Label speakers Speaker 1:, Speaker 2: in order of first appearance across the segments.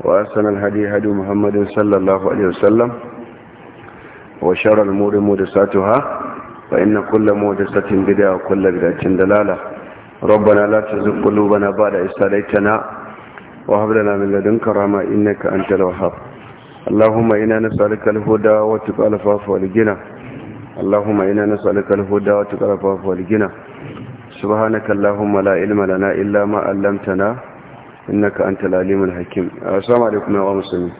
Speaker 1: وأحسن الهدي هدي محمد صلى الله عليه وسلم وشر الأمور محدثاتها فإن كل محدثة بدعة وكل بدعة ضلالة ربنا لا تزغ قلوبنا بعد إذ هديتنا وهب لنا من لدنك رحمة إنك أنت الوهاب اللهم إنا نسألك الهدى والتقى والعفاف والغنى اللهم إنا نسألك الهدى والتقى والعفاف والغنى سبحانك اللهم لا علم لنا إلا ما علمتنا innaka antal alimul hakim A assalamu alaikum ya musulmi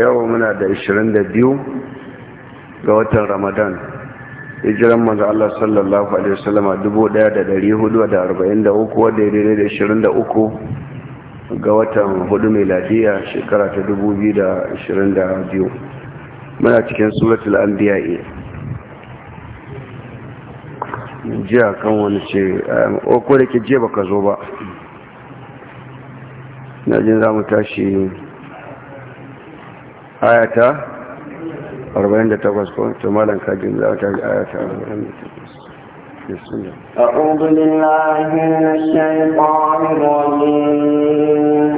Speaker 1: yau muna da 22 ga watan ramadan hijiran manzo Allah sallallahu alaihi wasallam 1443 wanda ya daidai da 23 ga watan hudu miladiya shekara ta 2022 muna cikin suratul anbiya jiya kan wani ce eh, ko da ke jiya baka zo ba na jin za mu tashi ayata 48 ko tumalan kajin za mu tashi ayata 48
Speaker 2: أعوذ بالله من الشيطان الرجيم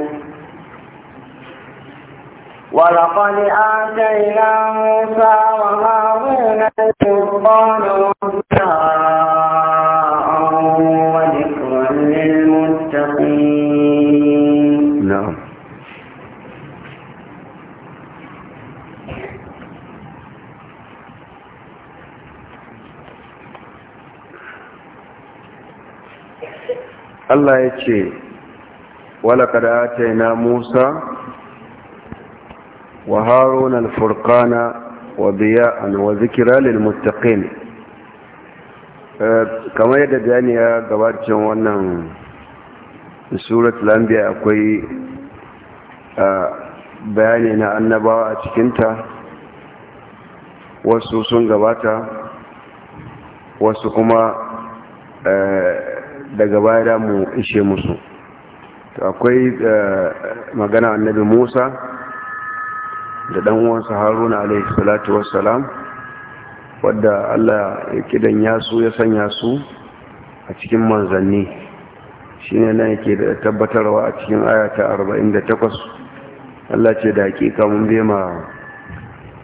Speaker 2: ولقد آتينا موسى وهارون السلطان وضياء وذكرا للمتقين na'am
Speaker 1: Allah ya ce wala kada ta Musa wa haruna al-furqana wa an wa zikra lil kamar yadda bayani ya gabacin wannan surat lambiya akwai bayani na annabawa a cikinta wasu sun gabata wasu kuma daga baya da mu ishe musu akwai magana annabi musa da dan uwansa haruna alaihi salatu wassalam wadda allah ya kidan yasu ya sanya su a cikin manzanni shi ne nan yake da tabbatarwa a cikin ayata 48 Allah ce da hakika mun bema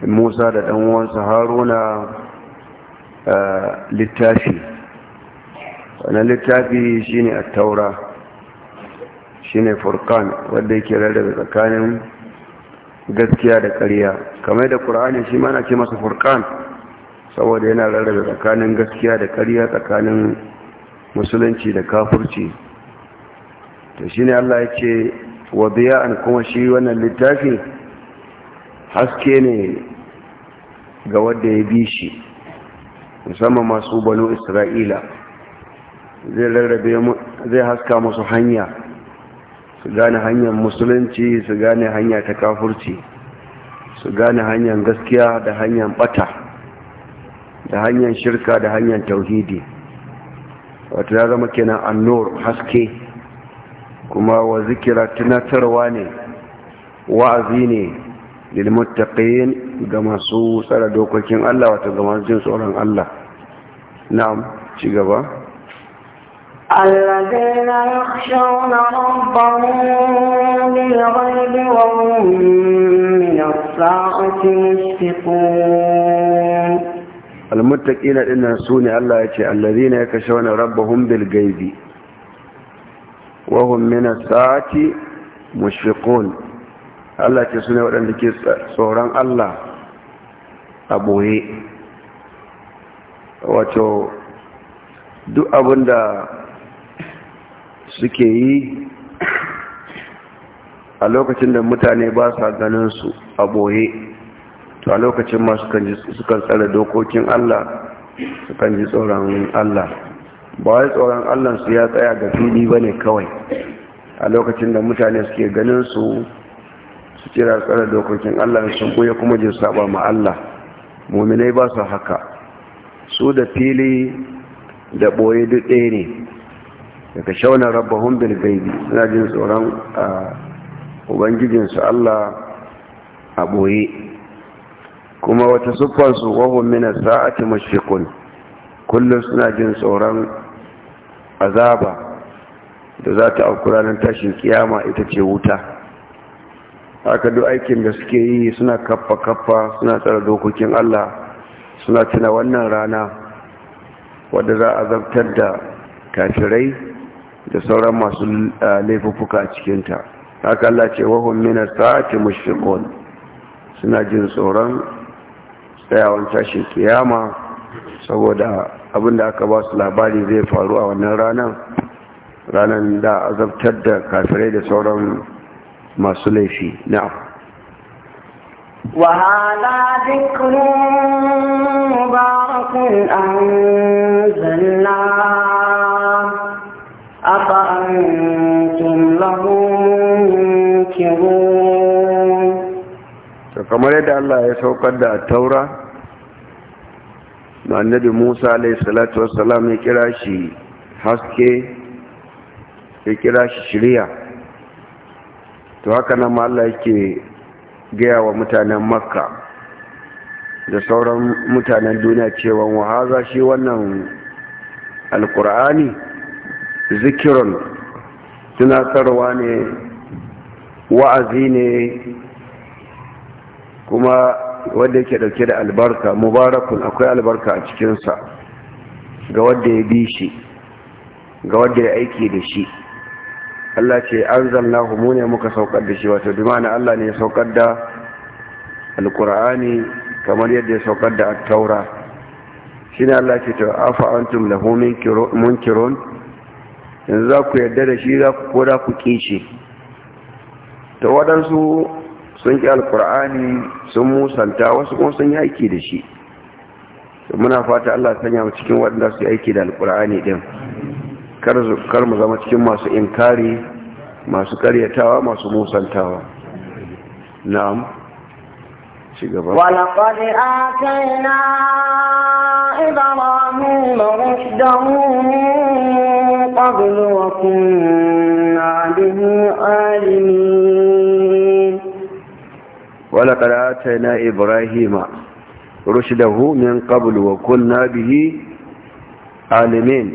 Speaker 1: musa da ɗan'uwansa haruna littafi wannan littafi shi ne a taura shi ne furkan wadda yake rarrabe tsakanin gaskiya da ƙarya kamar da ƙura'ani shi mana ce masa furkan saboda yana rarrabe tsakanin gaskiya da ƙarya tsakanin musulunci da kafurci to ne Allah ya ce wa biya'an kuma shi wannan littafi haske ne ga wanda ya bi shi musamman masu banu isra'ila zai rarrabe zai haska musu hanya su gane hanyar musulunci su gane hanya ta kafurci su gane hanyar gaskiya da hanyar bata da hanyar shirka da hanyar tauhidi wata ya zama kenan annur haske kuma wa zikira tunatarwa ne wa'azi ne lilmuttaqin ga masu tsara dokokin Allah wata ga masu jin tsoron Allah na'am ci gaba
Speaker 2: الذين يخشون ربهم بالغيب وهم من الساعة مشفقون
Speaker 1: المتقين إن سوني الله يتي الذين يكشون ربهم بالغيب wahun mina sa'ati mushfiqun Allah ce suna waɗanda ke tsoron Allah a ɓoye wato duk abin da suke yi a lokacin da mutane ba sa ganin su a ɓoye, to a lokacin ma kan tsara dokokin Allah sukan ji tsoron Allah ba wai tsoron allansu ya tsaya ga fili ba ne kawai a lokacin da mutane suke ganin su su kira tsara dokokin allah sun koya kuma jin saba ma allah muminai ba su haka su da fili da ɓoye duk ɗaya ne daga shauna hundar bilgaibi suna jin tsoron a ubangijinsu allah a boye kuma wata siffarsu wahun mina sa'ati mashikun kullum suna jin tsoron azaba da za ta auku ranar tashin kiyama ita ce wuta haka duk aikin da suke yi suna kaffa-kaffa suna tsara dokokin Allah suna tuna wannan rana wadda za a zartar da kafirai da sauran masu laifuffuka a cikinta haka Allah ce wahun mina sa'ati mushrikun suna jin tsoron tsayawan tashin kiyama saboda Abin da aka ba su labari zai faru a wannan ranar ranar da azabtar da kafirai da sauran masu laifi na
Speaker 2: Wahala ba وهذا ذكر مبارك a أفأنتم
Speaker 1: له منكرون kamar yadda Allah ya saukar da taura da annabi musa salatu wassalam ya kira shi haske ya kira shi shirya to haka nan Allah yake gaya wa mutanen makka da sauran mutanen duniya cewa wahaza shi wannan alkur'ani zikiron, tsarwa ne wa'azi ne kuma wanda yake dauke da albarka mubarakun akwai albarka a cikinsa ga wanda ya bi shi ga wanda ya aiki da shi Allah ce an zallahu mu ne muka saukar da shi wato dumana Allah ne ya saukar da alkur'ani kamar yadda ya saukar da attaura shi ne Allah ce ta afa antum lahu munkirun yanzu za ku yarda da shi za ku ko za ku kishi ta waɗansu sun ƙi alkur'ani sun musanta wasu kuma sun yi aiki da shi muna fata Allah sanya mu cikin waɗanda su yi aiki da alkur'ani ɗin kar mu zama cikin masu inkari masu karyatawa masu musantawa na'am ci gaba walaƙad
Speaker 2: ataina ibrahim rushdahu mu qablu wa na bihi alimin
Speaker 1: ولقد آتينا إبراهيم رشده من قبل وكنا به عالمين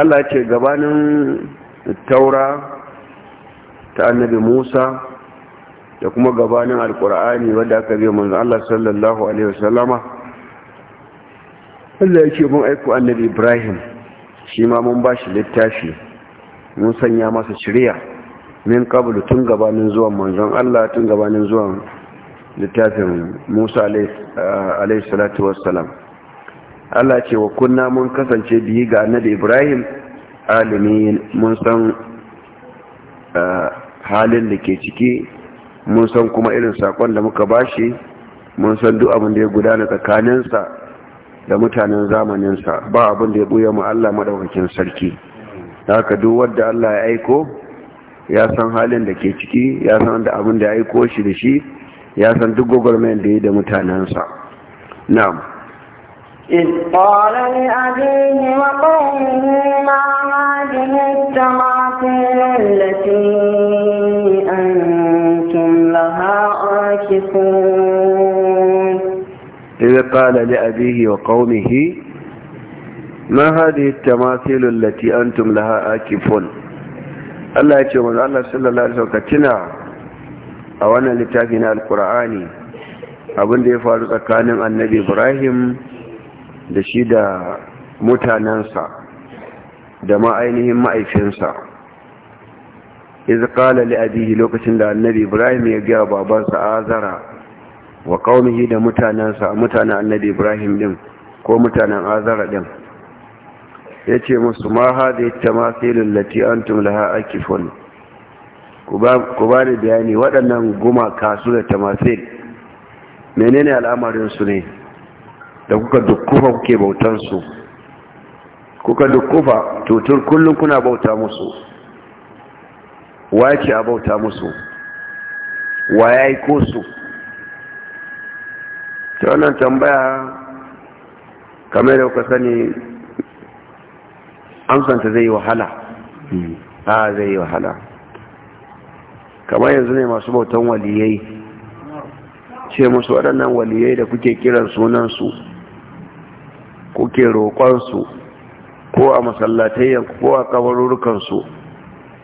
Speaker 1: الله يتي غبان التوراة النبي موسى da kuma gabanin alkur'ani wadda aka biya manzo Allah sallallahu alaihi wasallama Allah yake mun aiko annabi Ibrahim shi ma mun bashi littafi mun sanya masa shirya. min qablu tun gabanin zuwan manzon Allah tun gabanin zuwan littafin musa alaihi eh, salatu wassalam Allah ce wa kunna mun kasance biyi ga annabi ibrahim alimi mun san eh, halin da ke ciki mun san kuma irin sakon da muka bashi mun san duk abin da ya gudana tsakaninsa da mutanen zamaninsa ba abin da ya buya mu Allah madaukakin sarki haka duk wanda Allah ya aiko ya san halin da ke ciki ya san da abin da ya aiko shi da shi ya san duk gwagwarmayar da ya da mutanensa na'am
Speaker 2: ƙwararren abin yi maɓayin ma majinin ta makonin latin antum
Speaker 1: إذا قال لأبيه وقومه ما هذه التماثيل التي أنتم لها آكفون الله يتشوف الله صلى الله عليه وسلم a wannan littafi na alkur'ani abinda ya faru tsakanin annabi ibrahim da shi da mutanensa da ma'ainihin ma'aifinsa iz qala lokacin da annabi ibrahim ya gaya babansa azara wa qaumihi da mutanensa mutanen annabi ibrahim din ko mutanen azara din yace musu ma hadhihi tamathilul lati antum laha akifun ku ba ni bayani waɗannan gumaka su da tamasir menene al'amarinsu ne da kuka dukkufa kuke bautansu kuka dukkufa tutur kullum kuna bauta musu wace a bauta musu wa ya yi su? ta wannan tambaya kamar da kuka sani amsanta zai yi wahala hmm. a ah, zai yi wahala kamar yanzu ne masu bautan waliyai ce musu waɗannan waliyai da kuke kiran sunansu kuke roƙonsu ko a masallatayyanku ko a kabarurukansu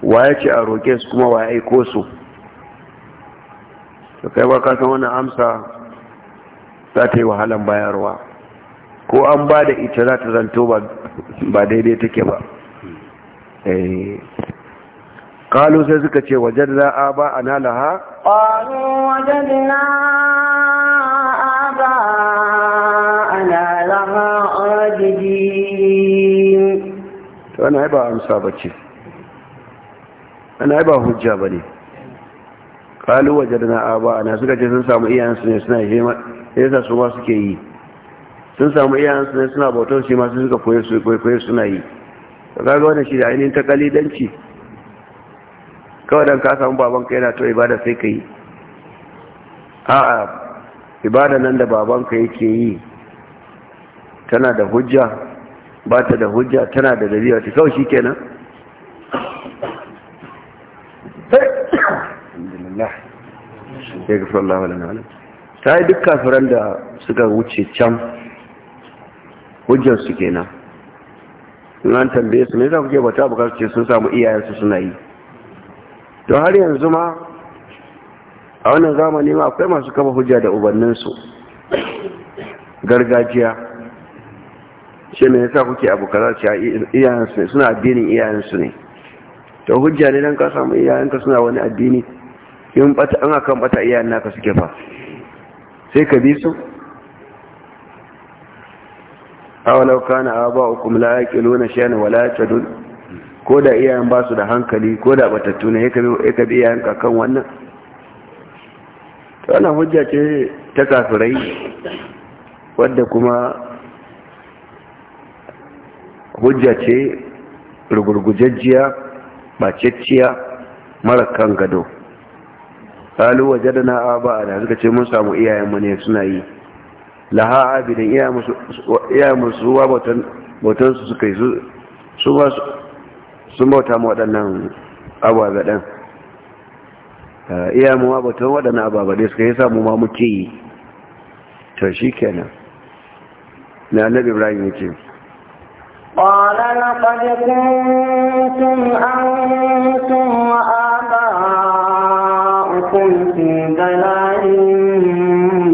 Speaker 1: ya ce a roƙe su kuma ya aiko su ta kai ba kasan wani amsa za ta yi wahalan bayarwa ko an ba da ita za ta zanto ba daidai take ba eh. قالوا سيزكت وجدنا آباءنا لها
Speaker 2: قالوا وجدنا آباءنا لها
Speaker 1: عاجدين أنا أبا suka ce sun samu iyayensu بني قالوا وجدنا آباءنا سكت سنسى مئيان سنسنا يسا سوا سكي سنسى مئيان سنسنا بوتون سيما سنسى suna yi. سنسى kaga wannan shi da ainihin takalidanci kawai don ka samu babanka yana ta ibada sai ka yi a'a ibada nan da babanka yake yi tana da hujja ba ta da hujja tana da dalila ta kawai shi kenan sai ta yi duk kafiran da suka wuce can hujjarsu kenan Nan tambaye su ne za ku ke bata bukatar ce sun samu iyayensu suna yi to har yanzu ma a wannan zamani ma akwai masu kama hujja da ubanninsu gargajiya shi mai yasa kuke abu kaza ce iyayensu ne suna addinin iyayensu ne to hujja ne don ka samu iyayenka suna wani addini in bata an akan bata iyayen naka suke fa sai ka bi su awalau kana aba'ukum la yaqiluna shay'an wala la yahtadun ko da iyayen ba su da hankali ko da batattu ne ya kabi iyayen kakan wannan ta hujja ce ta kafirai wadda kuma hujja ce rugurgujajjiya bacecciya mara kan gado ƙalu waje da na'a ba a da suka ce mun samu iyayenmu ne suna yi laha abidin iya musu wa bautansu suka yi su ba sun bauta mu waɗannan ababaɗen eh, iya mu abatan waɗannan ababaɗe suka yi samu ma muke yi to shi kenan na annabi ibrahim yake
Speaker 2: قال لقد كنتم أنتم وآباؤكم
Speaker 1: في ضلال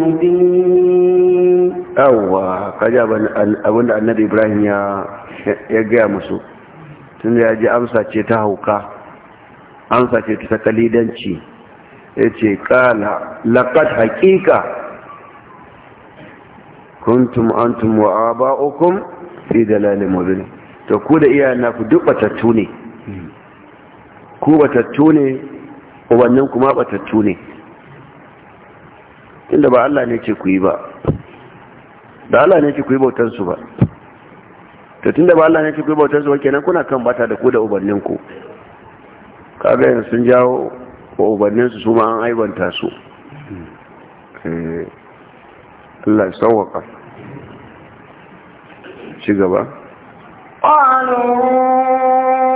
Speaker 1: مبين أوه قد أبن النبي إبراهيم يا يا musu. tun da ya ji amsa ce ta hauka amsa ce ta kalidanci ya ce kala laƙat haƙiƙa kuntum antum wa aba'ukum fi dalalin mabin to ku da iyayen ku duk batattu ne ku batattu ne ubannin kuma batattu ne inda ba Allah ne ce ku yi ba da Allah ne ce ku yi bautansu ba to tunda ba Allah ne ce ku bautar su kenan kuna kan bata da ku da ubannin ku kaga yanzu sun jawo wa ubannin su suma an aibanta su eh, Allah ya sauka ci gaba
Speaker 2: قالوا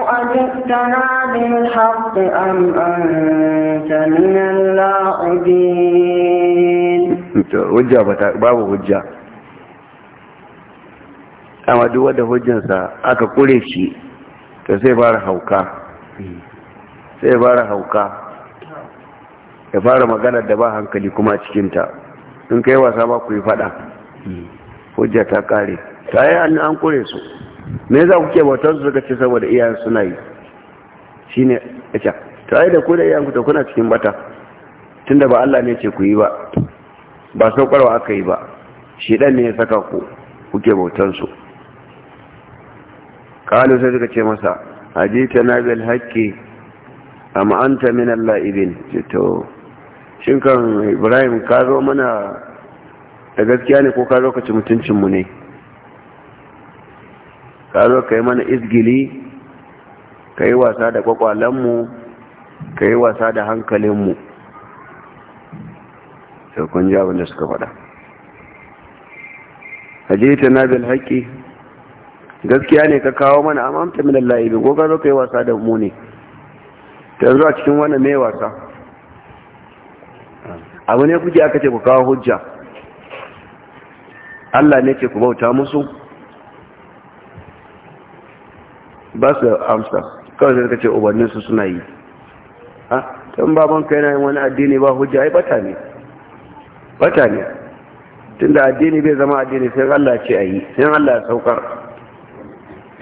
Speaker 2: أجئتنا بالحق أم أنت la'ibin
Speaker 1: to hujja babu hujja amma duk wanda hujjansa aka kure shi to sai fara hauka sai fara hauka ya fara magana da ba hankali kuma cikinta in kai wasa ba ku yi fada hujja ta kare ta yi an an kure su me za ku ke bautar su suka ce saboda iyayen suna yi shi ne ita ta yi da ku da iyayen ku ta kuna cikin bata tunda ba Allah ne ce ku yi ba ba saukarwa aka yi ba shi ɗan ne ya saka ku kuke bautar su kalu sai suka ce masa hadita na bil haqqi amma anta min al-la'ibin to shin Ibrahim ka mana da gaskiya ne ko ka ka ci mutuncin mu ne ka kai mana izgili kai wasa da kwakwalen mu kai wasa da hankalin mu kun ji abin suka faɗa hadita na bil haqqi gaskiya ne ka kawo mana amma amta min Allahi ibin ko ka zo ka yi wasa da mu ne ta yanzu a cikin wannan mai wasa abu ne kuke aka ce ku kawo hujja Allah ne ce ku bauta musu ba su amsa kawai zai ka ce ubaninsu suna yi ha tun baban kai na yin wani addini ba hujja ai bata ne bata ne tun da addini bai zama addini sai Allah ce a yi sai Allah ya saukar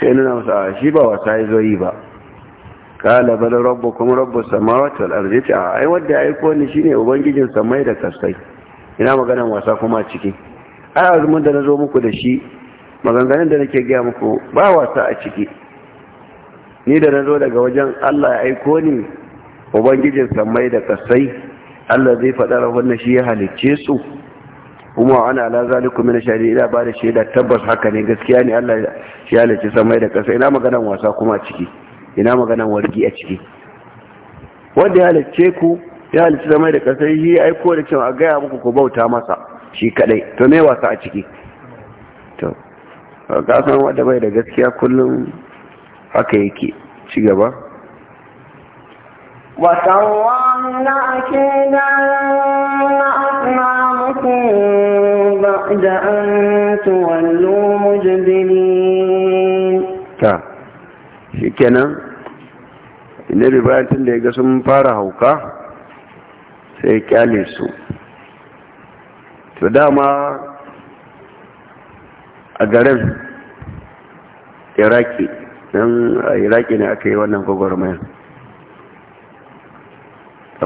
Speaker 1: sai nuna masa a shi ba wasa ya zo yi ba kala bal rabbu kuma rabbu samawati wal ardi ta ai wanda ya aiko ni shine ubangijin samai da kasai ina magana wasa kuma ciki ai azumin da nazo muku da shi maganganun da nake gaya muku ba wasa a ciki ni da nazo daga wajen Allah ya aiko ni ubangijin samai da kasai Allah zai faɗa rahon shi ya halicce su kuma ana ala zaliku min shahidi ila ba da shaida tabbas haka ne gaskiya ne Allah ya halice samai da ƙasa ina maganan wasa kuma a ciki ina maganan wargi a ciki wanda ya halice ku ya halice samai da ƙasa ya aiko da cewa a gaya muku ku bauta masa shi kadai to me wasa a ciki to ka san wanda bai da gaskiya kullum haka yake ci gaba وتوامنا
Speaker 2: كيدا تولوا مجدلين
Speaker 1: ta shikenan bayan tun ya ga sun fara hauka sai ya kyale su to dama a garin iraki don a iraki ne aka yi wannan gwagwarmayar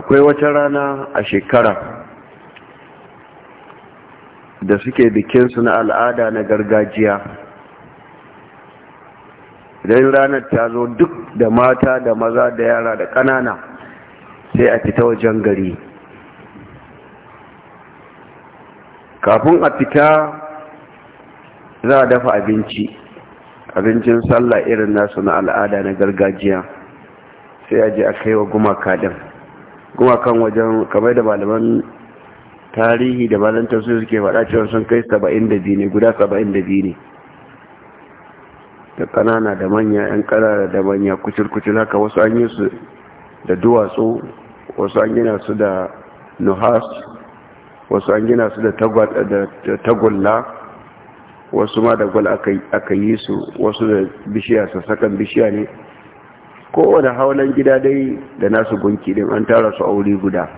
Speaker 1: akwai wata rana a shekara da suke bikinsu na al'ada na gargajiya idan ranar ta zo duk da mata da maza da yara da ƙanana sai a fita wajen gari kafin a fita za a dafa abinci abincin sallah irin nasu na al'ada na gargajiya sai a je a kai wa gumaka din gumakan wajen kamar da malaman tarihi da malan tafsir suke faɗa cewa sun kai 72 ne guda 72 ne da kanana da manya yan ƙanana da manya kucil-kucil haka wasu an yi su da duwatsu wasu an gina su da nuhas wasu an gina su da tagulla wasu ma da gwal aka yi su wasu da bishiya sassakan bishiya ne kowane haulan gida dai da nasu gunki din an tara su aure guda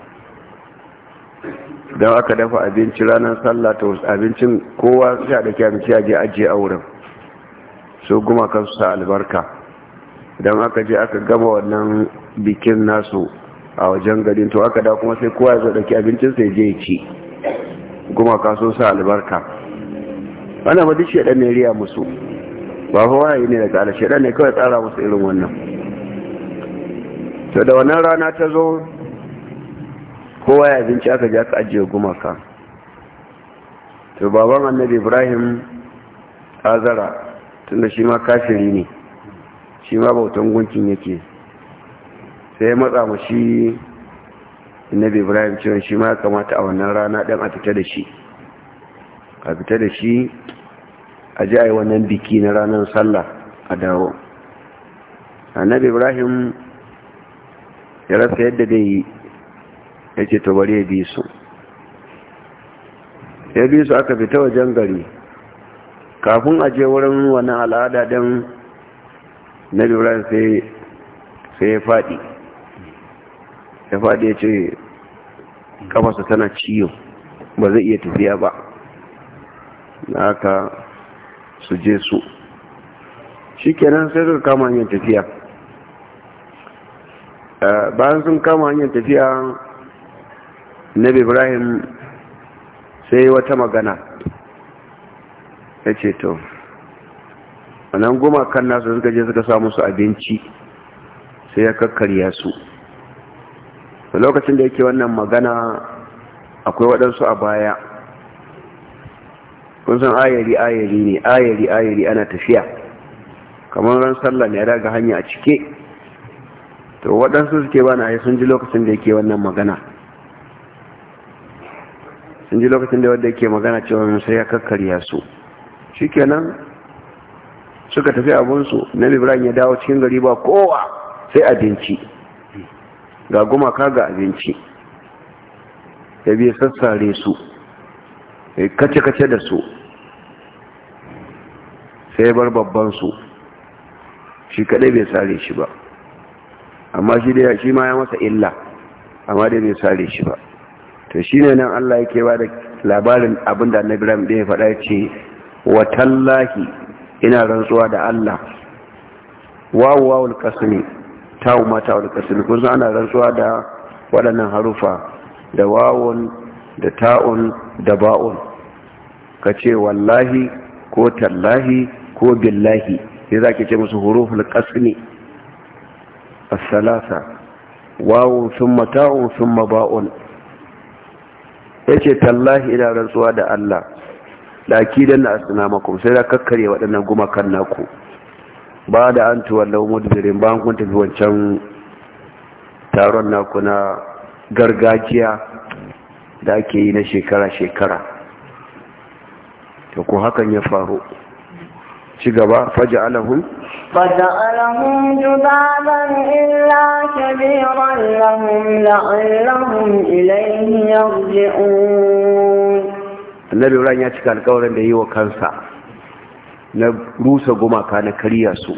Speaker 1: don aka dafa abinci ranar sallah ta abincin kowa sai a dake abinci a je ajiye a wurin su guma kan sa albarka don aka je aka gama wannan bikin nasu a wajen garin to aka da kuma sai kowa ya zo dake abincin sai je ci guma ka so sa albarka ana ba duk shedan ne riya musu ba fa wahayi ne daga ala shedan ne kawai tsara musu irin wannan to da wannan rana ta zo kowa ya abinci aka ji aka ajiye gumaka to baban annabi ibrahim azara tunda shi ma kafiri ne shi ma bautan gunkin yake sai ya matsa ma shi annabi ibrahim cewa shi ma kamata a wannan rana ɗan a fita da shi a fita da shi a ji a yi wannan biki na ranar sallah a dawo annabi ibrahim ya rasa yadda dai yake to bari ya bi su ya bi su aka fita wajen gari kafin a je wurin wani al'ada don na duran sai ya faɗi ya faɗi ya ce ƙafasa tana ciyo ba zai iya tafiya ba na aka su je su shi kenan sai suka kama hanyar tafiya eh, bayan sun kama hanyar tafiya nabi ibrahim sai wata magana ya ce to wannan gumakan nasu suka je suka samu su abinci sai ya kakkarya su lokacin da yake wannan magana akwai waɗansu a baya kun san ayari ayari ne ayari ayari ana tafiya kamar ran sallah ne ya daga hanya a cike to waɗansu suke ba na sun ji lokacin da yake wannan magana sun ji lokacin da wadda yake magana cewa sai ya kakkarya su shikenan suka tafi abinsu na ibrahim ya dawo cikin gari ba kowa sai abinci ga gumaka ga abinci ya biya sassare su ya kace-kace da su sai bar babban su shi kadai bai sare shi ba amma shi ma ya masa illa amma dai bai sare shi ba to ne nan Allah yake ba da labarin abin da annabi Ibrahim ya faɗa ce wa tallahi ina rantsuwa da Allah wawu wawul kasmi tawu ma tawul kasmi kun san ana rantsuwa da waɗannan harufa da wawun da ta'un da ba'un ka ce wallahi ko tallahi ko billahi sai za ce musu huruful kasmi A salasa wawun sun ta'un sun ba'un ya tallahi ina rantsuwa da Allah da akidan na asinamakon sai da kakkare waɗannan gumakan naku ba da an tuwallon mudubirin ba kun tafi wancan taron naku na gargajiya da ake yi na shekara-shekara ta ku hakan ya faru ci gaba faji alahun
Speaker 2: فجعلهم جذابا إلا كبيرا لهم لعلهم إليه يرجعون
Speaker 1: النبي وران ya cika alƙawarin da yi wa kansa na rusa gumaka na kariya su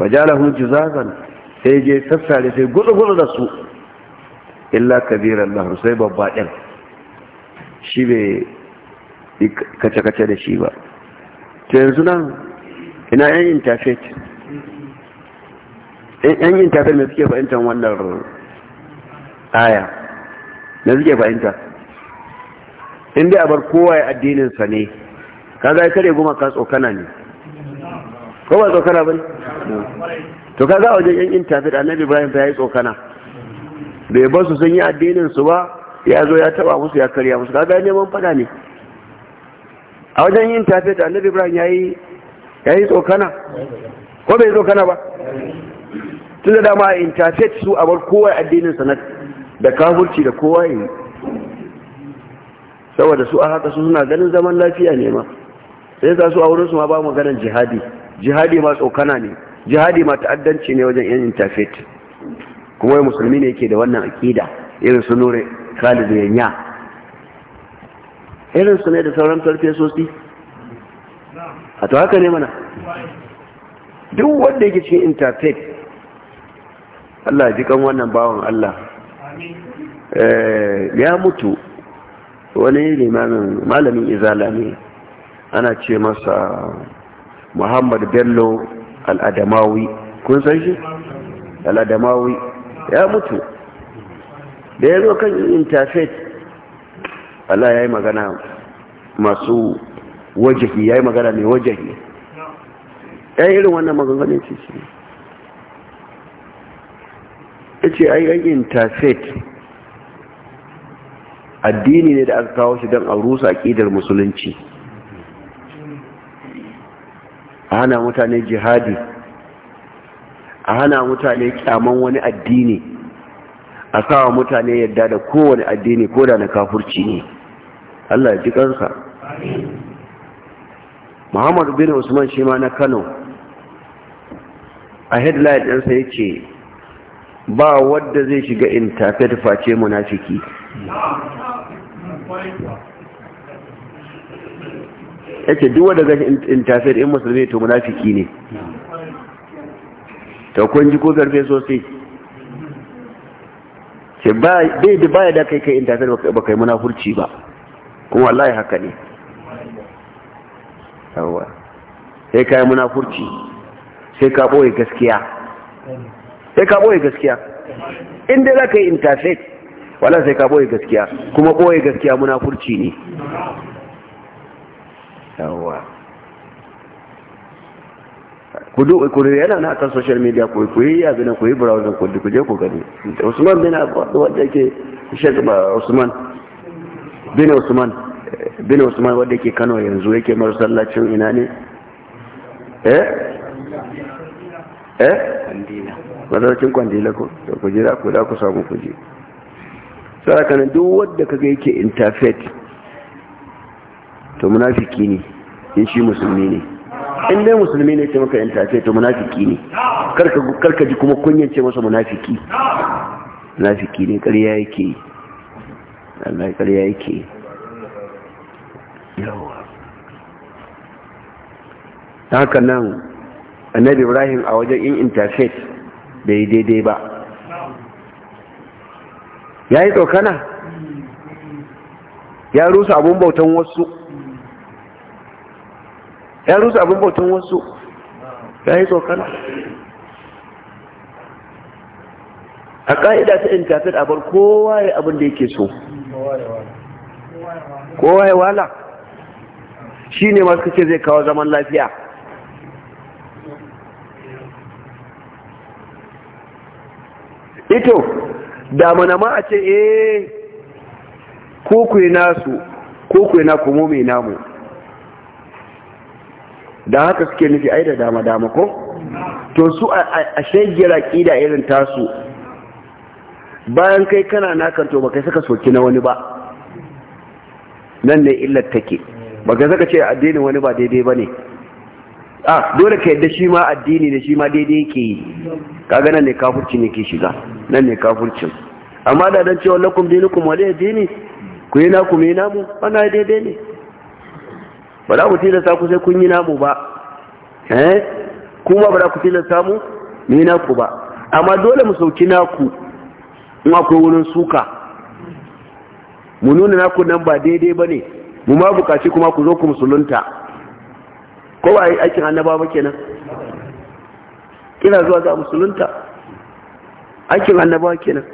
Speaker 1: fajalahun juzazan sai je sassare sai gudu-gudu da su illa kabiran lahun sai babba ɗin shi bai kace-kace da shi ba to yanzu nan ina yan intafet yan intafet mai suke fahimtar wannan aya mai suke fahimta inda a bar kowa ya addininsa ne ka za kare goma ka tsokana ne ko ba tsokana ba to ka za a wajen yan intafet annabi ibrahim ta yi tsokana bai ba su sun yi addininsu ba ya zo ya taba musu ya karya musu ka ga neman fada ne a wajen yin tafiya da annabi ibrahim ya yi tsokana ko bai tsokana ba tun da dama in tafiya su a bar kowa addinin sanat da kafurci da kowa yi saboda su a haka su suna ganin zaman lafiya ne ma sai za su a wurinsu ma ba ganin jihadi jihadi ma tsokana ne jihadi ma ta'addanci ne wajen yin intafet kuma wai musulmi ne yake da wannan akida irin su nure khalid yanya irinsu ne da sauran farfesosi a to haka ne mana duk wanda yake cikin interfaith Allah ji kan wannan bawan Allah eh, ya mutu wani limanin malamin izala ne ana ce masa muhammad bello al'adamawi kun san shi al'adamawi ya mutu da ya zo kan interfaith Allah ya yi magana masu wajahi ya yi magana mai wajahi ya yi irin wannan maganganin ce ce ya ce ai an interfet addini ne da aka kawo shi don a rusa aƙidar musulunci a hana mutane jihadi a hana mutane kyaman wani addini a sawa mutane yadda da kowane addini ko da na kafurci ne Allah ya ji kansa Muhammad bin Usman shi ma na Kano a headline ɗinsa ya ce ba wadda zai shiga intafet face munafiki ya ce duk wadda gashi intafet in musulmi to munafiki ne ta kun ji ko karfe sosai ce bai da baya da kai kai in tafi ba kai munafurci ba kuma wallahi haka ne yawa sai kai munafurci sai ka boye gaskiya sai ka boye gaskiya in dai za ka yi interfet wala sai ka boye gaskiya kuma boye gaskiya munafurci ne yawa ku duk ku yana na kan social media ku ku yi abin ku yi browsing ku ku je ku gani Usman bin Affan wanda yake Sheikh Usman bin Usman bin Usman wanda yake Kano yanzu yake masallacin ina ne eh eh masallacin Kwandila ko ku jira ku da ku samu ku je saraka nan duk wadda kaga yake interfet to munafiki ne in shi musulmi ne in dai musulmi ne ce maka yanta ce to munafiki ne karka ji kuma kunyan ce masa munafiki munafiki ne ƙarya yake Allah ya ƙarya yake yawa haka nan annabi ibrahim a wajen in interface bai yi daidai ba ya yi tsokana ya rusa abun bautan wasu ya rusa abin bautan wasu ya yi tsokana a ƙa'ida ta intafet a bar kowa ya abin da yake so kowa ya wala shi ne masu kace zai kawo zaman lafiya ito da ma a ce eh ko ku nasu ko ku na kuma mai namu da haka suke nufi ai da dama dama ko to su a shegira kida irin tasu bayan kai kana nakan to baka saka soki na wani ba nan ne illar take baka saka ce addini wani ba daidai ba ne a dole ka yadda shi ma addini da shi ma daidai yake yi kaga nan ne kafurci ne ke shiga nan ne kafurcin amma da dan cewa lakum dinukum wali dini ku yi naku me namu wannan daidai ne ba za ku tilasta ku sai kun yi namu ba eh kuma ba za ku tilasta mu mu yi naku ba amma dole mu sauki naku in akwai wurin suka mu nuna naku nan ba daidai ba ne mu ma bukaci kuma ku zo ku musulunta ko ba yi aikin annaba ba kenan kina zuwa za musulunta aikin annaba kenan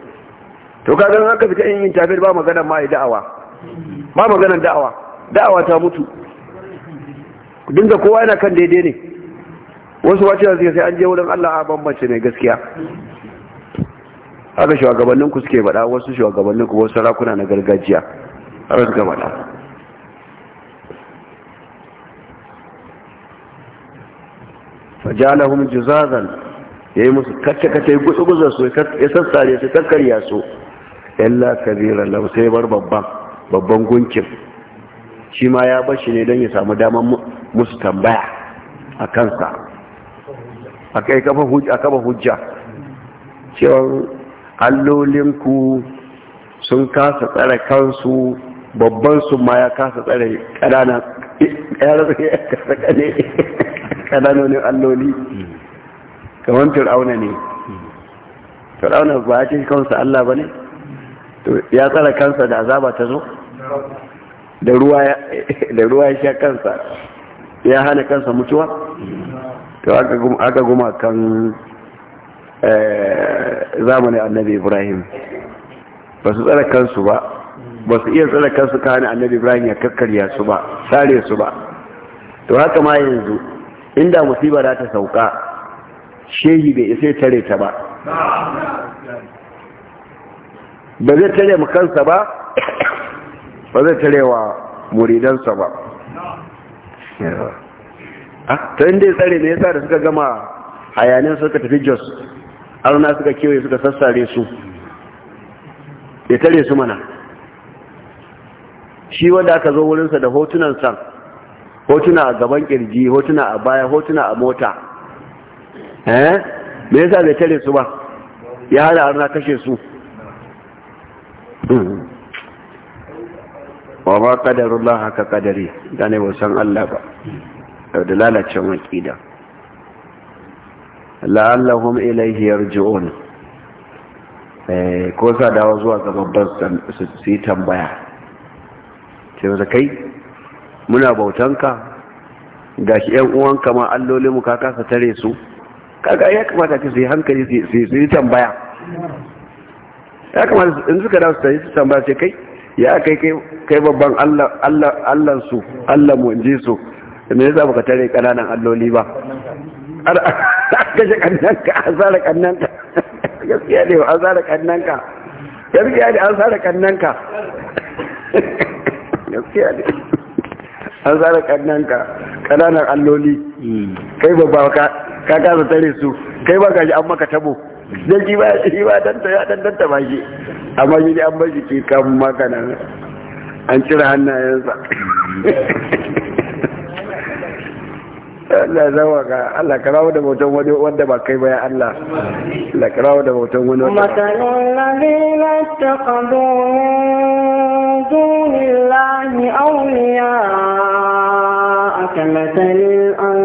Speaker 1: to ka ga haka fita yin tafiyar ba maganar ma da'awa ba maganar da'awa da'awa ta mutu dinga kowa yana kan daidai ne wasu wace da suke sai an je wurin Allah a bambance ne gaskiya haka shugabannin ku suke bada, wasu shugabannin ku wasu sarakuna na gargajiya har suka faɗa fajalahum juzazan yayi musu kacce kacce gutsu su ya sassare su kakkarya su illa kabira lam sai bar babban babban gunkin shi ma ya bashi ne don ya samu damar musu tambaya a kansa a kai kafa hujja cewa allolinku sun kasa tsare kansu babban sun ma ya kasa tsare ƙananan ƙananonin alloli kamar fir'auna ne fir'auna ba a cikin kansa allah ba ne ya tsara kansa da azaba ta zo da ruwa ya. da ruwa ya sha kansa ya hana kansa mutuwa to aka guma kan eh, zamanin annabi ibrahim ba su tsara kansu ba ba su iya tsara kansu ka hana annabi ibrahim ya kakkarya su ba sare su ba to haka ma yanzu inda musibar ta sauka shehi bai isa tare ta ba ba zai tare mu kansa ba ba zai tare wa muridansa ba ta inda ya tsare ne yasa da suka gama hayanin suka tafi jos aruna suka kewaye suka sassare su ya tare su mana shi wanda aka zo wurinsa da hotunansa hotuna a gaban kirji hotuna a baya hotuna a mota eh me yasa bai tare su ba ya hada aruna kashe su hmm. wa ma qadarullah haka kadari da ne ba san Allah ba da lalacin aqida la'allahum ilayhi yarji'un eh ko sa dawo zuwa ga babban su yi tambaya ce da kai muna bautanka gashi yan uwanka ma allolin mu ka kasa tare su kaga ya kamata ka su yi hankali su yi tambaya ya kamata in suka dawo su tare su tambaya sai kai ya kai kai babban Allah su allan munji su me yasa ka tare kananan alloli ba kashe kannanka an zara kannanka gaskiya ne an zara kannanka gaskiya ne an zara kannanka gaskiya ne an zara kannanka kananan alloli hmm. kai babba ka kasa tare su kai ba gaji an maka tabo don shi ba shi ba danta ya dan danta ba shi amma shi an bar shi ke kan makana an cire hannayensa Allah zan waka Allah ka rawo da bautan wani wanda ba kai ba ya Allah Allah ka rawo da bautan wani wanda ba kai
Speaker 2: lahi auniya a awliya an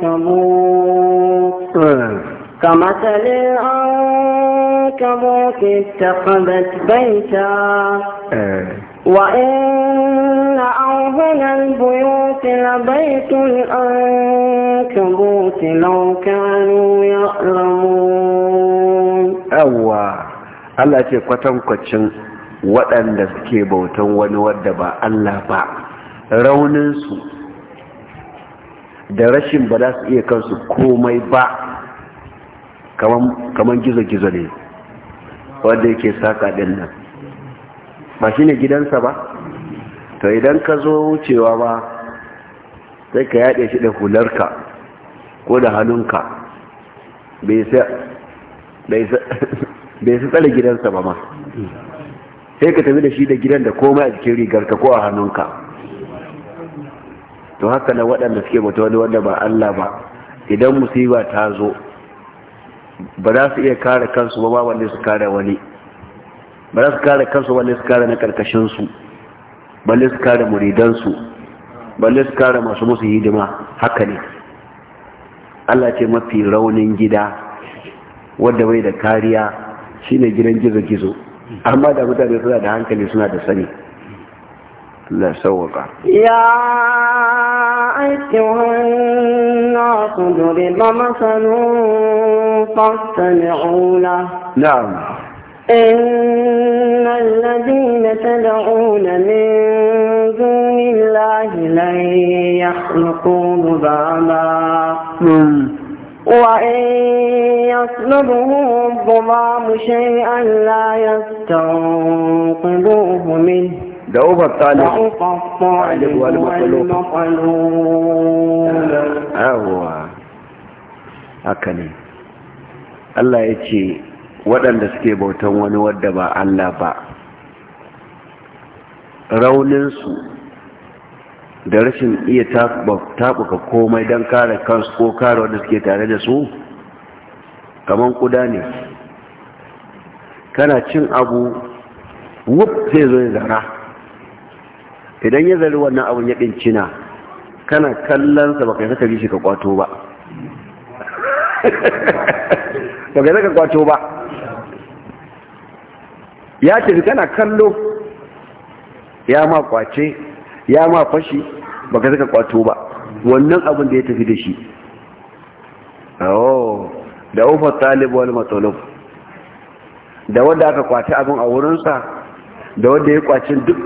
Speaker 2: kamo كمثل العنكبوت اتخذت بيتا وإن أوهن البيوت لبيت العنكبوت لو كانوا يعلمون أوى
Speaker 1: Allah ce kwatankwacin waɗanda suke bautan wani wadda ba Allah ba rauninsu da rashin ba za su iya kansu komai ba kamar gizo-gizo ne wanda yake saka ɗin nan ba shi ne gidansa ba to idan ka zo wucewa ba sai ka yaɗe shi da hularka ko da hannunka bai su tsala gidansa ba ma sai ka tafi da shi da gidan da komai a cikin rigarka ko a hannunka to haka na waɗanda suke mutu wani wanda ba Allah ba idan musiba ta zo ba za su iya kare kansu ba wanda su kare wani ba za su kare kansu wanda su kare na karkashinsu balle su kare muridansu balle su kare masu musu hidima haka ne Allah ce mafi raunin gida wadda bai da kariya shine gidan gizo-gizo amma da mutane suna da hankali suna da sani لا سوق
Speaker 2: يا أيها الناس ضرب مثل فاستمعوا له نعم إن الذين تدعون من دون الله لن يخلقوا ذبابا نعم. وإن يطلبهم الظلام شيئا لا يستنقذوه منه
Speaker 1: da uba talib
Speaker 2: talib wal maqlub
Speaker 1: awwa haka ne Allah ya ce waɗanda suke bautan wani wadda ba Allah ba rauninsu da rashin iya taɓuka komai don kare kansu ko kare wanda suke tare da su kamar kuda ne kana cin abu wuf zai zo ya zara idan ya zari wannan abun ya ɗincina kana kallonsa ba kai saka bi shi ka kwato ba ba kai saka kwato ba ya tafi kana kallo ya ma kwace ya ma fashi ba kai saka kwato ba wannan abun da ya tafi da shi oh, da ufa talibu wani matsalub da wanda aka kwace abin a wurinsa da wanda ya kwace duk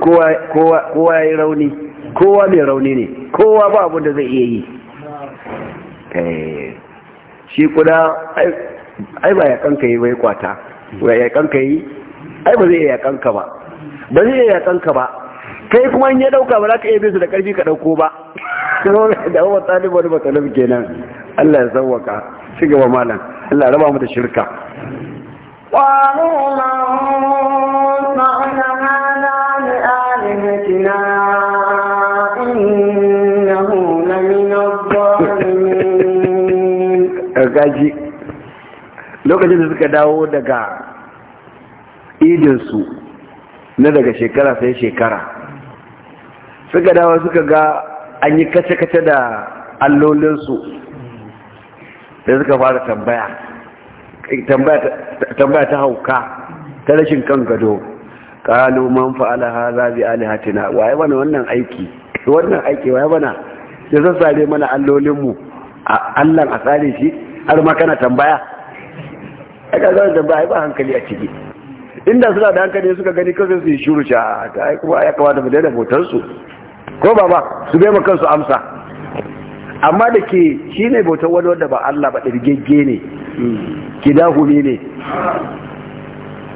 Speaker 1: kowa ya yi rauni kowa mai rauni ne kowa ba abin da zai iya yi eh, shi kuda ai ba ya kanka yi bai kwata ba ya kanka yi ai ba zai iya yakanka ba ba zai iya yakanka ba kai kuma in ya dauka ba za ka iya bisu su da karfi ka dauko ba da wa talib wani matsalin kenan Allah ya sauwaka shiga gaba malam Allah raba mu da shirka gaji lokacin da suka dawo daga idinsu na daga shekara sai shekara suka dawo suka ga an yi kace-kace da allolinsu da suka fara tambaya tambaya ta hauka ta rashin kan gado kalu man fa'ala hadha bi alihatina waye bana wannan aiki wannan aiki waye bana ya sassare mana allolin mu Allah a tsare shi har ma kana tambaya aka zo tambaya ba hankali a ciki inda suna da hankali suka gani kansu su yi shuru sha ta kuma ya kawata mu daina motar su ko ba ba su bai su amsa amma da ke shine bautar wani wanda ba Allah ba dirgegge ne kidahumi ne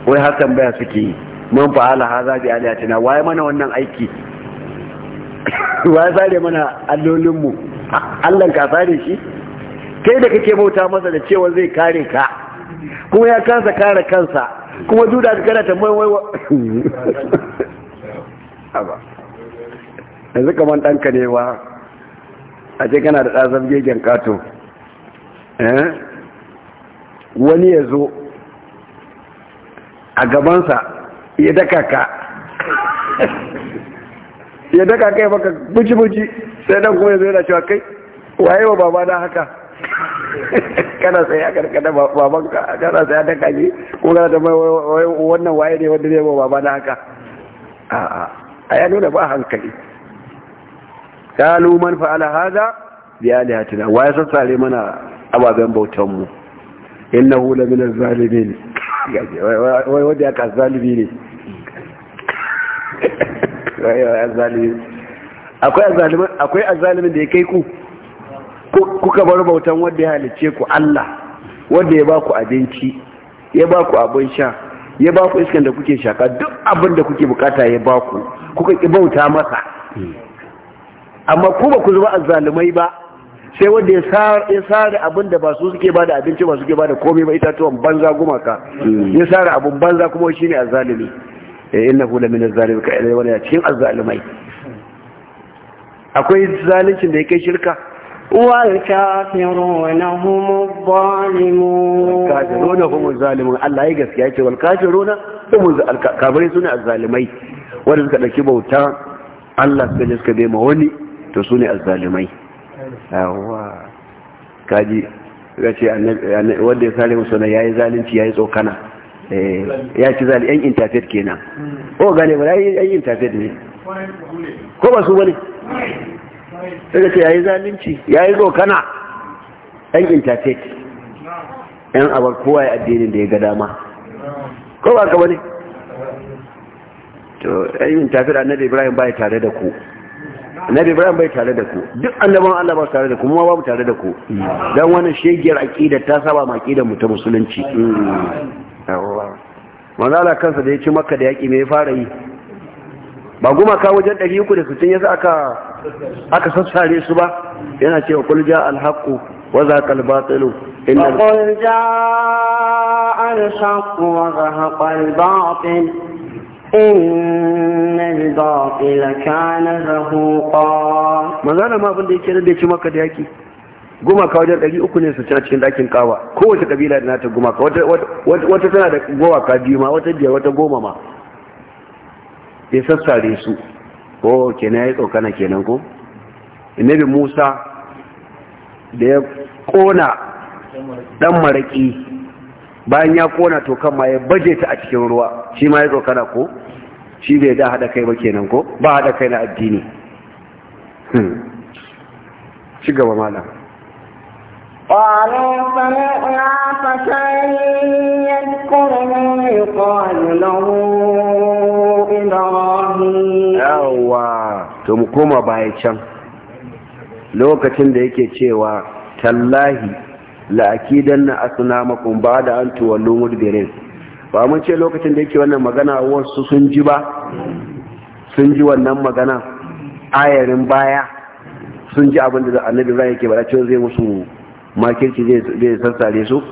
Speaker 1: wai hakan baya suke yi man fa'ala za bi aliyatina waye mana wannan aiki waye sare mana allolin mu Allah ka sare shi kai da kake bauta masa da cewa zai kare ka kuma ya kansa kare kansa kuma duda ka kana tambayin wai aba yanzu kaman danka ne wa a ce kana da tsazan gegen kato eh wani ya zo a gabansa ya daka ka ya daka kai baka buci-buci sai dan kuma ya zo yana cewa kai waye wa baba na haka kana sai ya karkada baban ka kana sai ya daka ne ko kana da wannan waye ne wanda ne wa baba na haka a'a a ya nuna ba hankali kalu man fa'ala hada bi alihatina waye sassare mana ababen bautan mu hula innahu lamina ne wai wanda aka zalimi ne akwai azalimin da ya kai ku kuka bar bautan wanda ya halice ku Allah wanda ya ba ku abinci ya ba ku abin sha ya ba ku iskan da kuke shaka duk abin da kuke bukata ya ba ku kuka ki bauta masa amma ku ba ku zuba azalimai ba sai wanda ya sare abin da ba su suke ba da abinci ba suke ba da komai ba itatuwan banza gumaka hmm. ya sare abin banza kuma shi ne yi inna da min zalimi ka ilai wani a cikin azalimai. akwai zalincin da ya kai shirka والكافرون هم الظالمون الكافرون هم zalimu allah ya gaskiya ce والكافرون su ne a zalimai wanda suka dauki bauta Allah sai suka bai ma wani to sune azzalimai yawwa kaji ga ce wanda ya sare musu na yayi zalunci yayi tsokana eh, ya ci zalunci yan interfet kenan
Speaker 3: hmm.
Speaker 1: o gane ba yayi yan interfet ne ko ba su bane daga ce yayi zalunci yayi tsokana yan interfet yan abar kowa ya addinin da ya ga dama ko ba ka bane to yan interfet annabi ibrahim bai tare da ku annabi ibrahim bai tare da ku duk annaban allah ba tare da ku kuma babu tare da ku dan wannan shegiyar aqida ta saba ma mu ta musulunci manzo Allah kansa da ya ci makka da yaki me ya fara yi ba gumaka wajen da 360 yasa aka aka sassare su ba yana cewa kul ja al haqu wa za kal batilu inna
Speaker 2: qul ja al haqu wa za kal batil إن الباطل كان
Speaker 1: abin da yake nan da yake maka da yaki gumaka wajen ɗari uku ne su ci a cikin ɗakin kawa kowace kabila da nata gumaka wata tana da ka biyu ma wata biyar wata goma ma ya sassare su ko kenan ya yi tsokana kenan ko bi musa da ya kona dan maraki bayan ya kona to kan ma ya baje ta a cikin ruwa shi ma ya tsokana ko shi bai da haɗa kai ba kenan ko ba haɗa kai na addini hmm. ci gaba malam
Speaker 2: قالوا سمعنا فتى يذكرهم يقال
Speaker 1: To mu koma baya can. lokacin da yake cewa tallahi la'akidan na makon ba da an tuwallo mudbirin ba mun ce lokacin da yake wannan magana wasu sun ji ba sun ji wannan magana ayarin baya sun ji abin da annabi ibrahim yake bada cewa zai musu makirci zai sassare su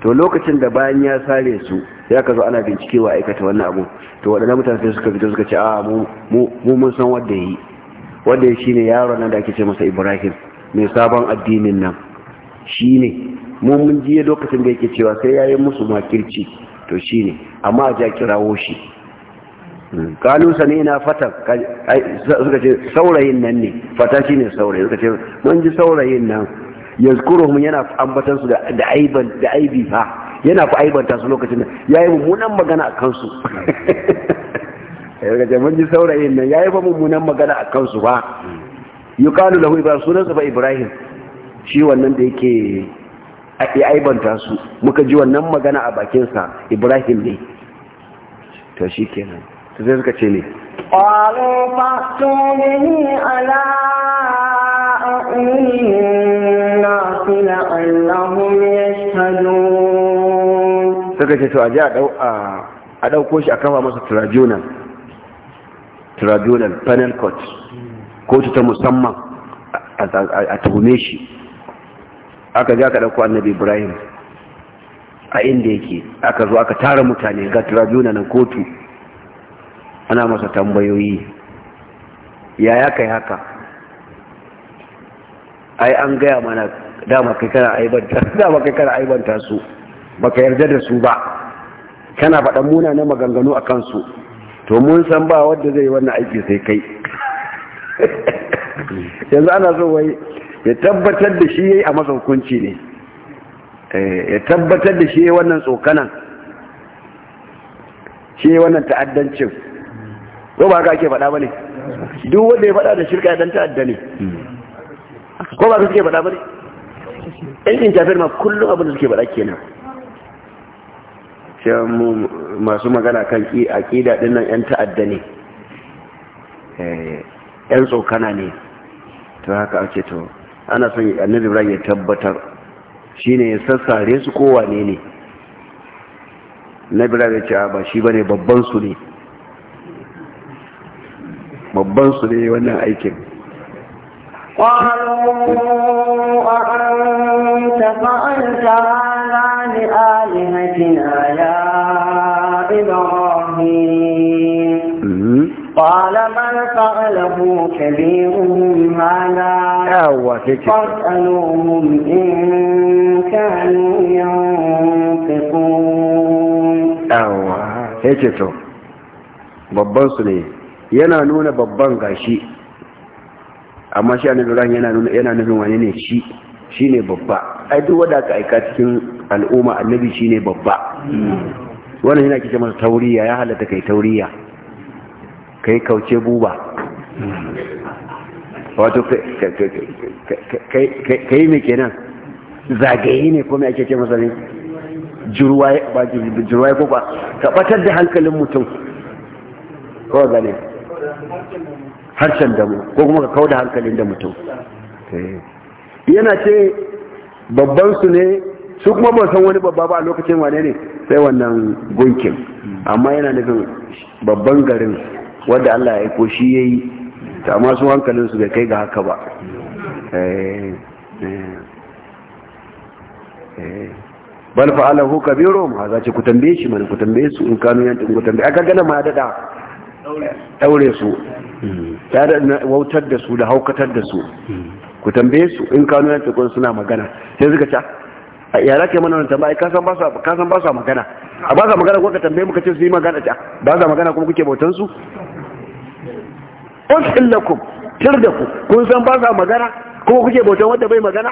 Speaker 1: to lokacin da bayan ya sare su ya ka zo ana bincike wa aikata wannan abu to waɗannan mutane sai suka fito suka ce a ah, mu mun san wanda yi wanda ya ne yaron nan da ake ce masa ibrahim mai sabon addinin nan shi mu mun ji lokacin da yake cewa sai ya yi musu makirci to shi ne amma ja kirawo shi hmm. kalu ne na fata suka ce saurayin nan ne fata shi ne saurayi suka ce mun ji saurayin nan mun yana ambatansu da aiban da aibi ba. yana ku aibanta su lokacin nan yi mummunan magana a kansu ce mun ji saurayin nan Ya fa mummunan magana a kansu ba. fa hmm. yuqalu lahu ibrahim sunansa ba ibrahim shi wannan da yake ai aibanta su muka ji wannan magana a bakinsa ibrahim ne to shi kenan to sai suka ce ne ƙwalo
Speaker 2: fato ne ala na fila allahun ya
Speaker 1: suka ce to a ji a ɗauko shi a kafa masa tribunal tribunal panel court kotu ta musamman a tuhume shi aka ji aka ɗauko annabi ibrahim a inda yake aka zo aka tara mutane ga tribunal na kotu ana masa tambayoyi yaya kai haka ai an gaya mana dama kai kana aibanta dama kai kana su baka yarda da su ba kana faɗan munanan maganganu a kansu to mun san ba wanda zai yi wannan aiki sai kai yanzu ana zo wai ya tabbatar da shi yayi a masa ne eh, ya tabbatar da shi yayi wannan tsokanan shi yayi wannan ta'addancin ko ba haka ake faɗa ne? duk wanda ya faɗa da shirka ya dan ta'adda ne ko ba haka suke faɗa ne ɗan yin tafiyar ma kullum abin da suke faɗa kenan sai masu magana kan aƙida ɗin nan ƴan ta'adda ne eh, ƴan tsokana ne to haka ake to ana son annabi ibrahim ya tabbatar shine ya sassare su ko wane ne annabi ibrahim ya ce ba shi bane babban su ne babban su ne wannan aikin
Speaker 2: قالوا أأنت فأنت هذا لآلهتنا يا قال من فعله كبيرهم هذا فاسألوهم إن كانوا ينفقون أوه
Speaker 1: هيك babban su ne yana nuna babban gashi amma shi annabi Ibrahim yana nuna yana nufin wani ne shi ne babba ai duk wanda aka aika cikin al'umma annabi ne babba wannan yana kike masa tauriya ya halatta kai tauriya kai kauce buba wato kai mai kenan zagaye ne kome ake ce masa ne jirwaye ko ba ka batar da hankalin mutum ko gane harshen damu ko kuma ka kawo da hankalin da mutum eh. yana ce babban su ne su kuma ba san wani babba ba a lokacin wane ne sai wannan gunkin amma yana nufin babban garin wadda Allah ya ko shi yayi ta amma su hankalin su bai kai ga haka ba eh, eh, eh. bal Kabiru ma za ce ku tambaye shi mana ku tambaye su in kanu yan ku tambaye aka gana ma dada daure su ta hmm. da wautar da su da haukatar da su hmm. ku tambaye su in kanu yan tukun suna magana sai suka ce ah, ya za ke mana wani tambaya ka san ba su magana a ba su magana ko ka tambaye muka ce su yi magana ta ah, ba su magana kuma kuke bautan su ufil lakum tir da ku kun san ba sa magana kuma kuke bautan wanda bai magana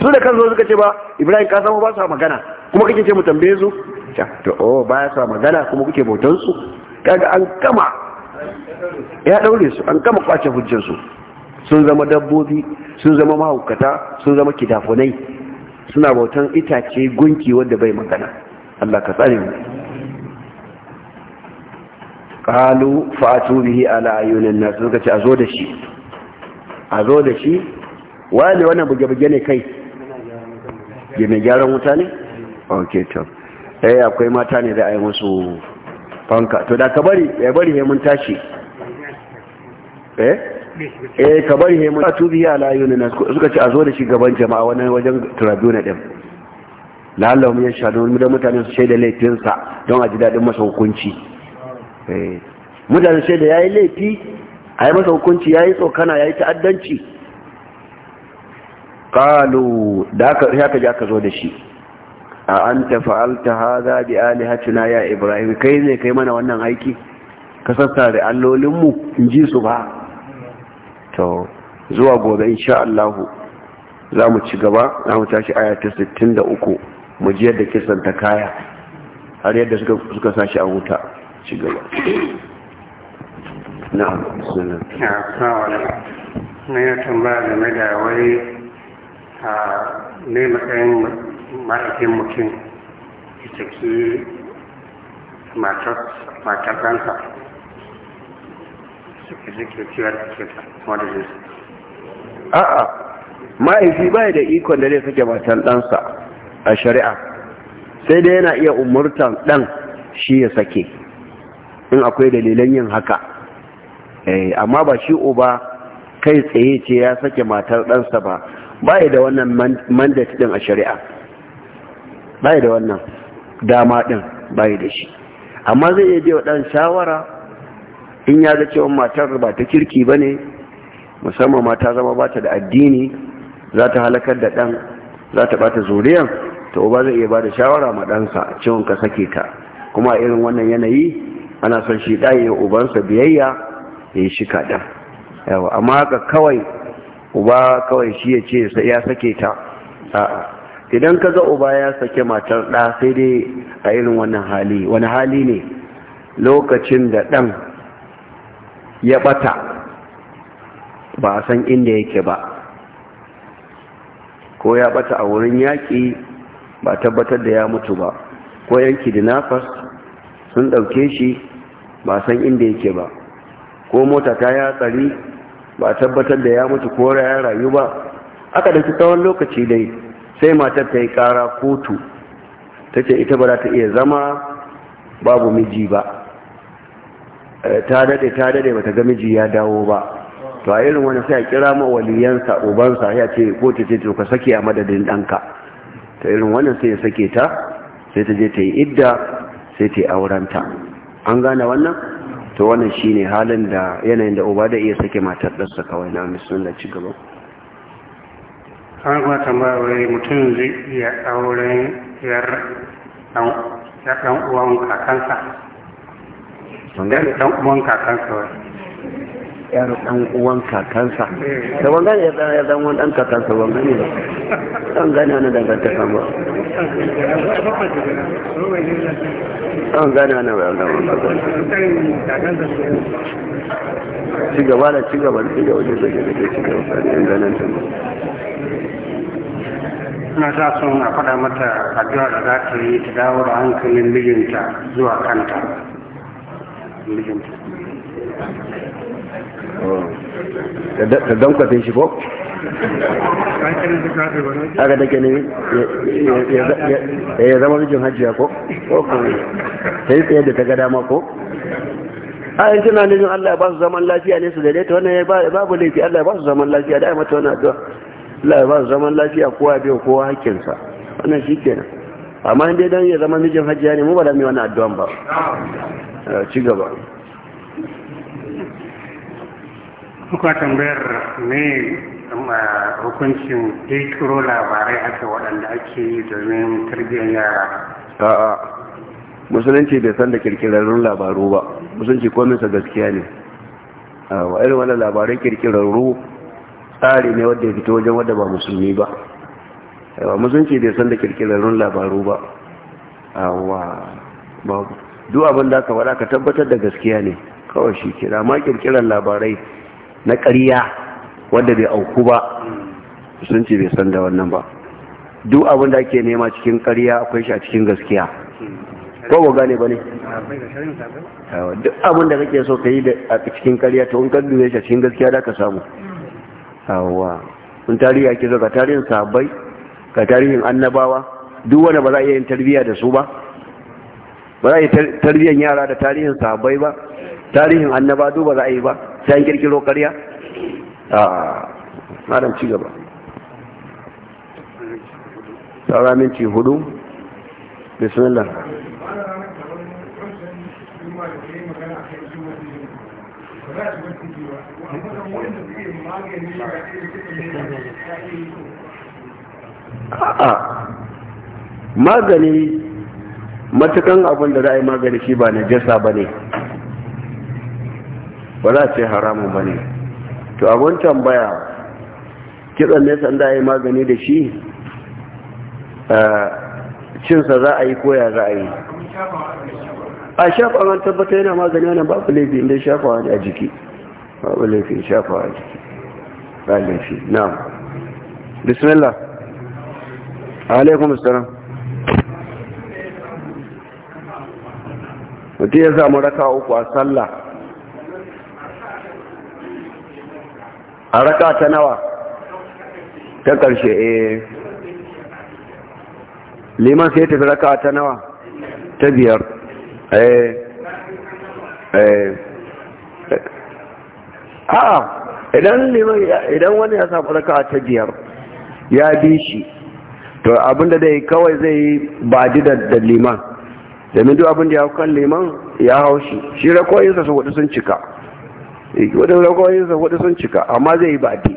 Speaker 1: su da kansu suka ce ba ibrahim ka samu ba sa magana kuma kake ce mu tambaye su to oh ba sa magana kuma kuke bautan su kaga an kama ya daure su an kama kwace hujjar su sun zama dabbobi sun zama mahaukata sun zama kidafunai suna bautan itace gunki wanda bai magana Allah ka tsare mu kalu fa'atu bihi ala ayunin nasu suka ce a zo da shi a zo da shi wani wani buge-buge ne kai gina mai gyaran wuta ne ok to eh akwai mata ne da a yi musu fanka to da ka bari ya bari hemun tashi eh eh ka bari hemun fa'atu bihi ala ayunin nasu suka ce a zo da shi gaban jama'a wani wajen ɗin din la'allahum yashhadun da mutane su shaida laifinsa don a ji daɗin masa hukunci Eh. mutane sai da ya yi laifi a yi masa hukunci ya yi tsokana ya yi ta'addanci ƙalu da haka ji aka zo da shi a an anta fa'alta za bi Ali alihatina ya ibrahim kai ne kai mana wannan aiki ka sassa da allolinmu in ji su ba to zuwa gobe insha Allah za mu ci gaba za mu tashi aya ta 63 mu ji yadda kisan ta kaya har yadda suka suka sashi a wuta ci gaba na'am ya
Speaker 3: na da wai a
Speaker 1: ne matsayin ma'aikin mutum matar a'a ma'aiki bai da ikon da zai sake matan ɗansa a shari'a sai dai yana iya umurtan ɗan shi ya sake in akwai dalilan yin haka eh, amma ba shi uba kai tsaye ce ya sake matar ɗansa ba baya da wannan mandate ɗin a shari'a baya da wannan dama ɗin baya da shi amma zai iya biya ɗan shawara in ya ga cewa matar ba ta kirki ba ne musamman mata zama ba ta da addini za ta halakar da ɗan za ta ɓata zuriyan ta uba zai iya ba da shawara ma ɗansa ciwon ka sake ta kuma irin wannan yanayi ana son shi ɗaya ya ubansa biyayya ya yi shi kada yawa amma ka kawai uba kawai shi ya ce ya sake ta a'a idan ka ga uba ya sake matar ɗa sai dai a irin wannan hali wani hali ne lokacin da ɗan ya ɓata ba a san inda yake ba ko ya ɓata a wurin yaƙi ba tabbatar da ya mutu ba ko yanki dinafas sun ɗauke shi ba san inda yake ba ko mota ta ya tsari ba tabbatar da ya mutu ko ya rayu ba aka dauki tsawon lokaci dai sai matar ta yi kara kotu ta ce ita ba za ta iya zama babu miji ba eh, ta dade ta dade ta ga miji ya dawo ba to a irin wani sai a kira ma waliyansa ubansa ya ce ko ta ce to ka sake a madadin ɗanka ta irin wannan sai ya sake ta sai ta je ta yi idda sai ta yi aurenta an gane wannan to wannan shine halin da yanayin da uba da iya sake matar ɗansa kawai na musulun ci gaba
Speaker 3: an kuma tambayar
Speaker 1: mutum zai iya auren yar ɗan uwan kakansa ɗan uwan kakansa yar dan uwan kakansa da wangan ya dan ya dan uwan dan kakansa wangan ne dan gane wannan dangantaka ba dan gane wannan ba dan ci gaba da ci gaba ci gaba da ci gaba da gane ta na za son a faɗa mata addu'a da za ta yi ta dawo da hankalin mijinta zuwa kanta mijinta ka damkwafin shi ko? aka take ne ya zama rijin hajjiya ko? ta yi tsaye da ta gada ma ko? a yin tuna nijin Allah ba su zaman lafiya ne su daidaita wannan babu laifi Allah ba su zaman lafiya da mata wani addu'a Allah ba su zaman lafiya kowa biyu kowa hakkinsa wannan shi kenan amma inda don ya zama mijin hajjiya ne mu ba da mai wani addu'an ba ci gaba
Speaker 2: kuka tambayar ne a hukuncin daikuro labarai
Speaker 1: haka waɗanda ake yi domin tarbiyyar yara a'a musulunci bai san da kirkirarrun labaru ba musulunci kominsa gaskiya ne a irin wani labarai kirkirarru tsari ne wadda ya fito wajen wadda ba musulmi ba yawa musulunci bai san da kirkirarrun labaru ba a wa duk abin da aka wada ka tabbatar da gaskiya ne kawai shi kira ma kirkirar labarai na ƙariya wanda bai auku ba sun ce bai san da wannan ba duk abin da ake nema cikin ƙariya akwai shi a cikin gaskiya ko ba gane ba ne duk abin da kake so ka yi a cikin ƙariya ta in duniya shi a cikin gaskiya da ka samu awa in tarihi ake zo ga tarihin sahabbai ga tarihin annabawa duk wanda ba za a iya yin tarbiyya da su ba ba za a yi tarbiyyar yara da tarihin sahabbai ba tarihin annaba duba za a yi ba sai an kirkiro karya a malam ci gaba saura minti hudu bismillah a'a magani matukan abin da za a yi magani shi ba na jasa ba ne ba za a ce haramun ba ne to abin tambaya kitsan nesa sanda ya yi magani da shi cinsa za a yi koya za a yi a shafa an tabbata yana magani wani babu laifi inda shafawa a jiki babu laifi shafawa a jiki ba laifi na bismillah alaikum assalam mutum ya samu raka uku a sallah a raka ta nawa ta ƙarshe eh liman sai ta fi raka ta nawa ta biyar eh eh a idan liman idan wani ya samu raka ta biyar ya bi shi to abinda dai kawai zai yi ba da liman da duk abinda ya kan liman ya hau shi shi rakoyinsa su wadda sun cika Eh, wadda sa wadda sun cika amma zai yi baɗi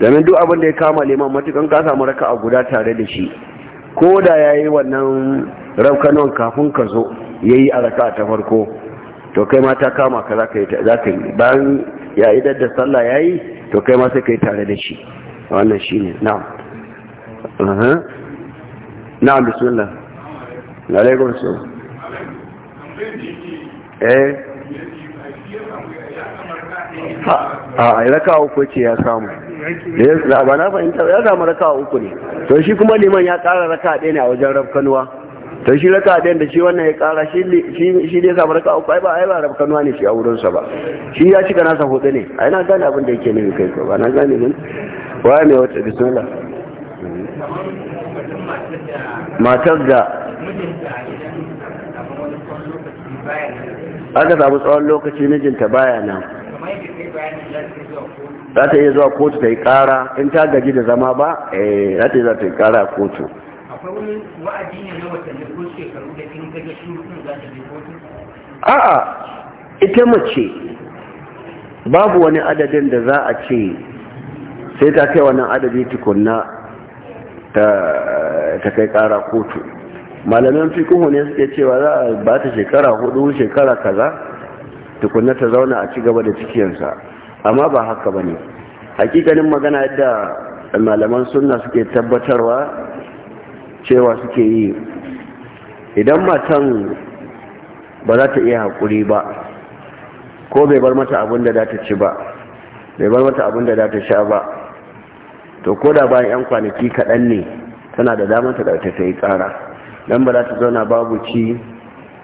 Speaker 1: domin duk abin da ya kama liman matukan ka samu raka a guda tare da shi ko da ya yi wannan rafkanon kafin ka zo ya yi a raka ta farko to kai ma ta kama ka za ka yi bayan ya yi da sallah ya yi to kai ma sai ka yi tare da shi wannan shi ne na'am na'am bismillah alaikum salam eh
Speaker 3: a
Speaker 1: raka uku ce ya samu ba na fahimta ya samu raka uku ne to shi kuma liman ya kara raka ɗaya ne a wajen rafkanuwa to shi raka ɗaya da shi wannan ya kara shi ne samu raka uku ai ba ai ba rafkanuwa ne shi a wurinsa ba shi ya cika nasa hudu ne ai na gane abin da yake nufi kai ba na gane ne waye mai wata bismillah
Speaker 3: matar da
Speaker 1: aka samu tsawon lokaci mijinta baya nan za ta iya zuwa kotu ta yi kara in ta gaji da zama ba eh, za ta iya zuwa ta yi kara a kotu a'a ita mace babu wani adadin da za a ce sai ta kai wannan adadi tukunna ta kai kara kotu Malamin fikuhu ne suke cewa za a ba ta shekara hudu shekara kaza tukunna ta zauna a cigaba gaba da cikiyarsa amma ba haka ba ne hakikanin magana yadda malaman sunna suke tabbatarwa cewa suke yi idan matan ba za ta iya haƙuri ba ko bai bar mata abin da za ta ci ba bai bar mata abin da za ta sha ba to ko da bayan 'yan kwanaki kaɗan ne tana da damar ta ɗauke ta yi ƙara don ba za ta zauna babu ci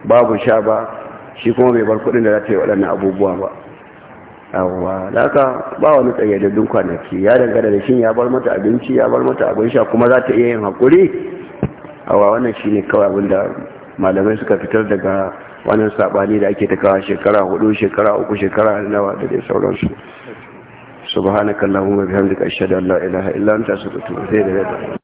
Speaker 1: babu sha ba shi kuma bai bar kudin da za ta yi waɗannan abubuwa ba yawwa da aka ba wani tsayyadaddun kwanaki ya dangana da shin ya bar mata abinci ya bar mata abin sha kuma za ta iya yin haƙuri awa wannan shi ne kawai abin da malamai suka fitar daga wannan saɓani da ake takawa shekara hudu shekara uku shekara nawa da dai sauransu subhanakallahumma bihamdika ashhadu an la ilaha illa anta astaghfiruka wa atubu ilayk